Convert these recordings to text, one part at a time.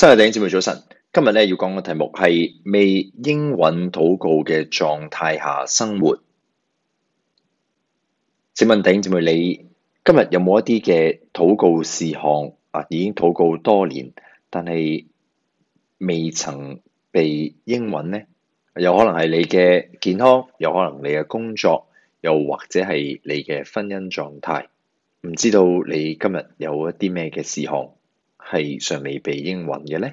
真係頂姊妹早晨，今日咧要講嘅題目係未應允禱告嘅狀態下生活。請問頂姐妹，你今日有冇一啲嘅禱告事項啊？已經禱告多年，但係未曾被應允呢？有可能係你嘅健康，有可能你嘅工作，又或者係你嘅婚姻狀態，唔知道你今日有一啲咩嘅事項。係尚未被應允嘅呢？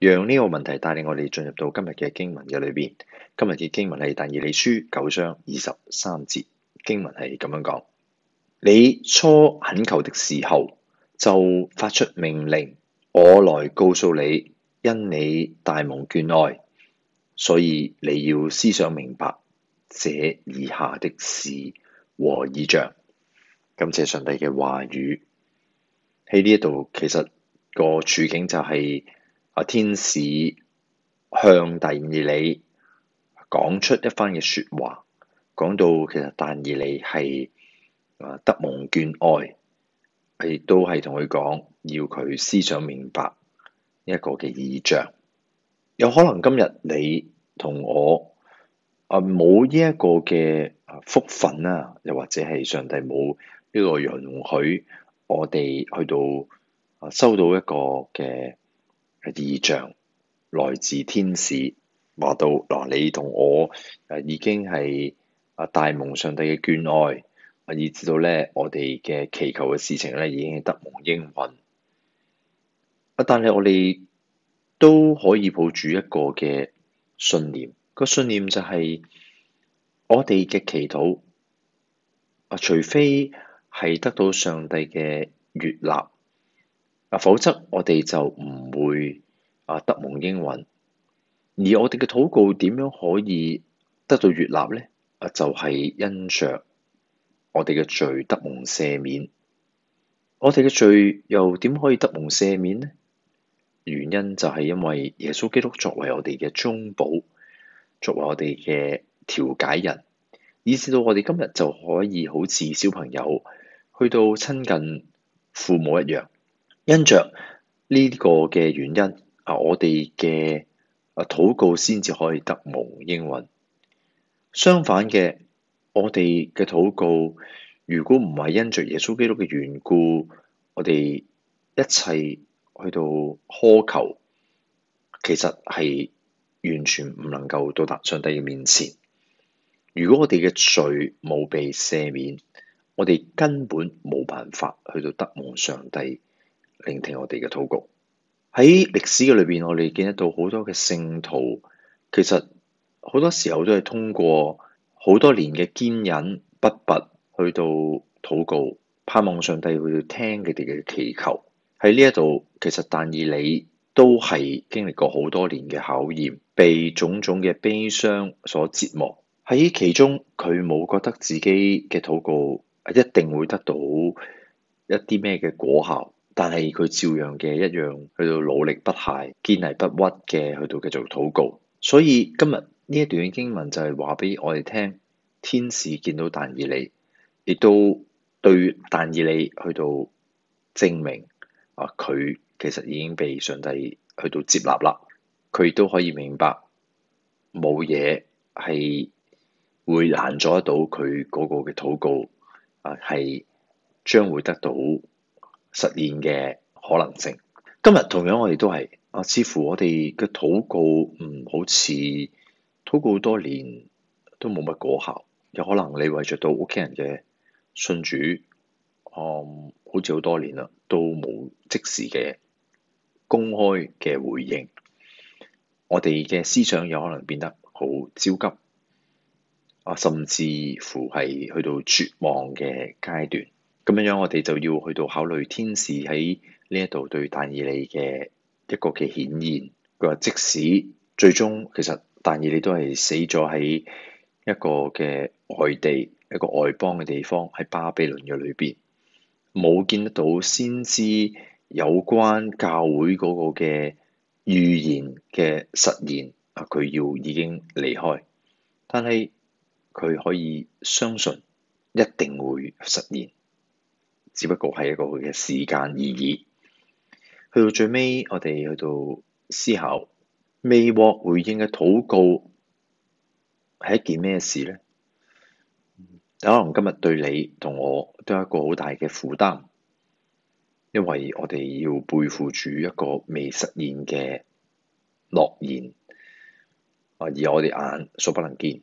讓呢個問題帶領我哋進入到今日嘅經文嘅裏邊。今日嘅經文係但以理書九章二十三節，經文係咁樣講：你初懇求的時候就發出命令，我來告訴你，因你大蒙眷愛，所以你要思想明白這以下的事和異象。感謝上帝嘅話語。喺呢一度，其實個處境就係、是、啊天使向但以理講出一番嘅説話，講到其實但以理係啊得蒙眷愛，亦都係同佢講要佢思想明白一個嘅異象。有可能今日你同我啊冇呢一個嘅福分啦、啊，又或者係上帝冇呢個容許。我哋去到收到一個嘅異象，來自天使話到嗱，你同我誒已經係阿大蒙上帝嘅眷愛，以至到咧我哋嘅祈求嘅事情咧已經得蒙應允。啊！但係我哋都可以抱住一個嘅信念，那個信念就係、是、我哋嘅祈禱啊，除非。係得到上帝嘅悅納，啊，否則我哋就唔會啊得蒙應允。而我哋嘅禱告點樣可以得到悅納咧？啊，就係、是、因着我哋嘅罪得蒙赦免。我哋嘅罪又點可以得蒙赦免咧？原因就係因為耶穌基督作為我哋嘅中保，作為我哋嘅調解人，以至到我哋今日就可以好似小朋友。去到親近父母一樣，因着呢個嘅原因，啊，我哋嘅啊禱告先至可以得蒙應允。相反嘅，我哋嘅禱告如果唔係因着耶穌基督嘅緣故，我哋一切去到苛求，其實係完全唔能夠到達上帝嘅面前。如果我哋嘅罪冇被赦免。我哋根本冇辦法去到得蒙上帝聆聽我哋嘅禱告。喺歷史嘅裏邊，我哋見得到好多嘅聖徒，其實好多時候都係通過好多年嘅堅忍不拔，拔，去到禱告，盼望上帝會聽佢哋嘅祈求。喺呢一度，其實但以理都係經歷過好多年嘅考驗，被種種嘅悲傷所折磨。喺其中，佢冇覺得自己嘅禱告一定會得到一啲咩嘅果效，但係佢照樣嘅一樣去到努力不懈、堅毅不屈嘅去到繼續禱告。所以今日呢一段經文就係話俾我哋聽，天使見到但以理，亦都對但以理去到證明啊，佢其實已經被上帝去到接納啦，佢都可以明白冇嘢係會難阻得到佢嗰個嘅禱告。啊，係將會得到實現嘅可能性。今日同樣我哋都係啊，似乎我哋嘅禱告唔、嗯、好似禱告好多年都冇乜果效，有可能你為著到屋企人嘅信主，哦、嗯，好似好多年啦，都冇即時嘅公開嘅回應，我哋嘅思想有可能變得好焦急。啊，甚至乎係去到絕望嘅階段，咁樣樣我哋就要去到考慮天使喺呢一度對但以理嘅一個嘅顯現。佢話，即使最終其實但以理都係死咗喺一個嘅外地一個外邦嘅地方，喺巴比倫嘅裏邊，冇見得到先知有關教會嗰個嘅預言嘅實現。啊，佢要已經離開，但係。佢可以相信，一定會實現，只不過係一個佢嘅時間而已。去到最尾，我哋去到思考未獲回應嘅禱告係一件咩事咧？可能今日對你同我都有一個好大嘅負擔，因為我哋要背負住一個未實現嘅諾言，啊，而我哋眼所不能見。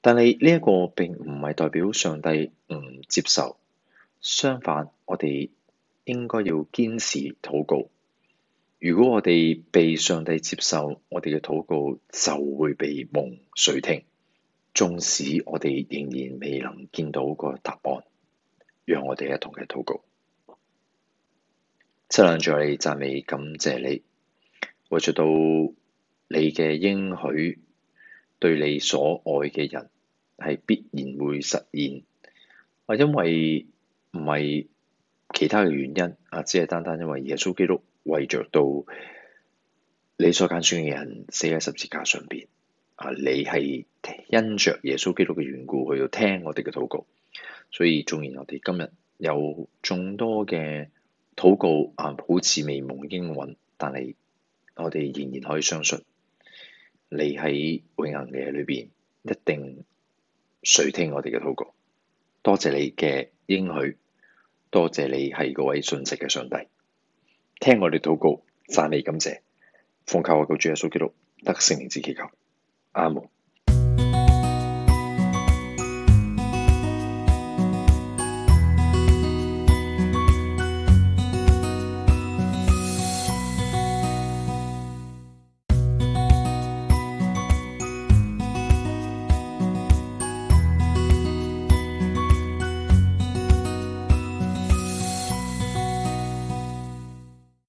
但係呢一個並唔係代表上帝唔接受，相反，我哋應該要堅持禱告。如果我哋被上帝接受，我哋嘅禱告就會被蒙垂聽，縱使我哋仍然未能見到個答案，讓我哋一同嘅禱告。七兩在你讚美，感謝你會做到你嘅應許。對你所愛嘅人係必然會實現，啊，因為唔係其他嘅原因，啊，只係單單因為耶穌基督為着到你所揀選嘅人死喺十字架上邊，啊，你係因着耶穌基督嘅緣故去到聽我哋嘅禱告，所以縱然我哋今日有眾多嘅禱告啊，好似未蒙應允，但係我哋仍然可以相信。你喺永恆嘅裏邊一定垂聽我哋嘅禱告，多謝你嘅應許，多謝你係嗰位信實嘅上帝，聽我哋禱告，讚美感謝，奉靠我救主耶穌基督得聖靈之祈求，阿門。